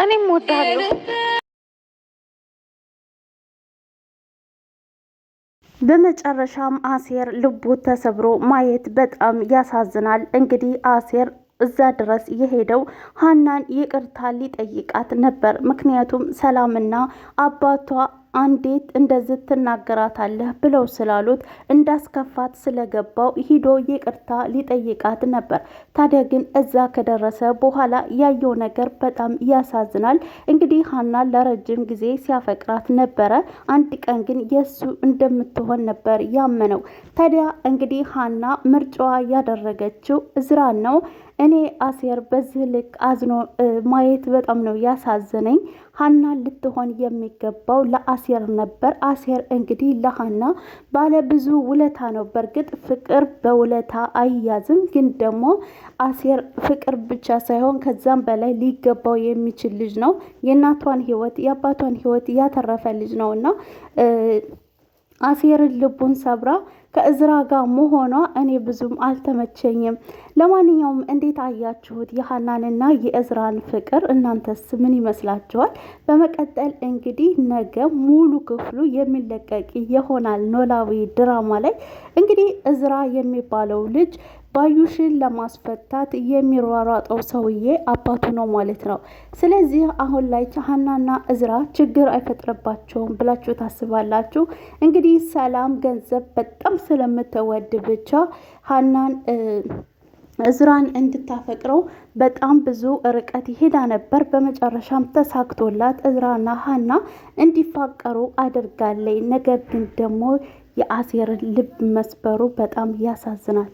እኔም እወድሃለሁ። በመጨረሻም አሴር ልቡ ተሰብሮ ማየት በጣም ያሳዝናል። እንግዲህ አሴር እዛ ድረስ የሄደው ሀናን ይቅርታ ሊጠይቃት ነበር። ምክንያቱም ሰላምና አባቷ አንዴት እንደዚህ ትናገራታለህ ብለው ስላሉት እንዳስከፋት ስለገባው ሂዶ ይቅርታ ሊጠይቃት ነበር። ታዲያ ግን እዛ ከደረሰ በኋላ ያየው ነገር በጣም ያሳዝናል። እንግዲህ ሀና ለረጅም ጊዜ ሲያፈቅራት ነበረ። አንድ ቀን ግን የእሱ እንደምትሆን ነበር ያመነው። ታዲያ እንግዲህ ሀና ምርጫዋ ያደረገችው እዝራን ነው። እኔ አሴር በዚህ ልክ አዝኖ ማየት በጣም ነው ያሳዘነኝ። ሀና ልትሆን የሚገባው ለአሴር ነበር። አሴር እንግዲህ ለሀና ባለ ብዙ ውለታ ነው። በእርግጥ ፍቅር በውለታ አይያዝም፣ ግን ደግሞ አሴር ፍቅር ብቻ ሳይሆን ከዛም በላይ ሊገባው የሚችል ልጅ ነው። የእናቷን ህይወት የአባቷን ህይወት ያተረፈ ልጅ ነው እና አሴርን ልቡን ሰብራ ከእዝራ ጋር መሆኗ እኔ ብዙም አልተመቸኝም። ለማንኛውም እንዴት አያችሁት የሀናንና የእዝራን ፍቅር? እናንተስ ምን ይመስላችኋል? በመቀጠል እንግዲህ ነገ ሙሉ ክፍሉ የሚለቀቅ ይሆናል። ኖላዊ ድራማ ላይ እንግዲህ እዝራ የሚባለው ልጅ ባዩሽን ለማስፈታት የሚሯሯጠው ሰውዬ አባቱ ነው ማለት ነው። ስለዚህ አሁን ላይ ሀናና እዝራ ችግር አይፈጥርባቸውም ብላችሁ ታስባላችሁ? እንግዲህ ሰላም ገንዘብ በጣም ስለምትወድ ብቻ ሀናን እዝራን እንድታፈቅረው በጣም ብዙ ርቀት ይሄዳ ነበር። በመጨረሻም ተሳክቶላት እዝራና ሀና እንዲፋቀሩ አድርጋለች። ነገር ግን ደግሞ የአሴር ልብ መስበሩ በጣም ያሳዝናል።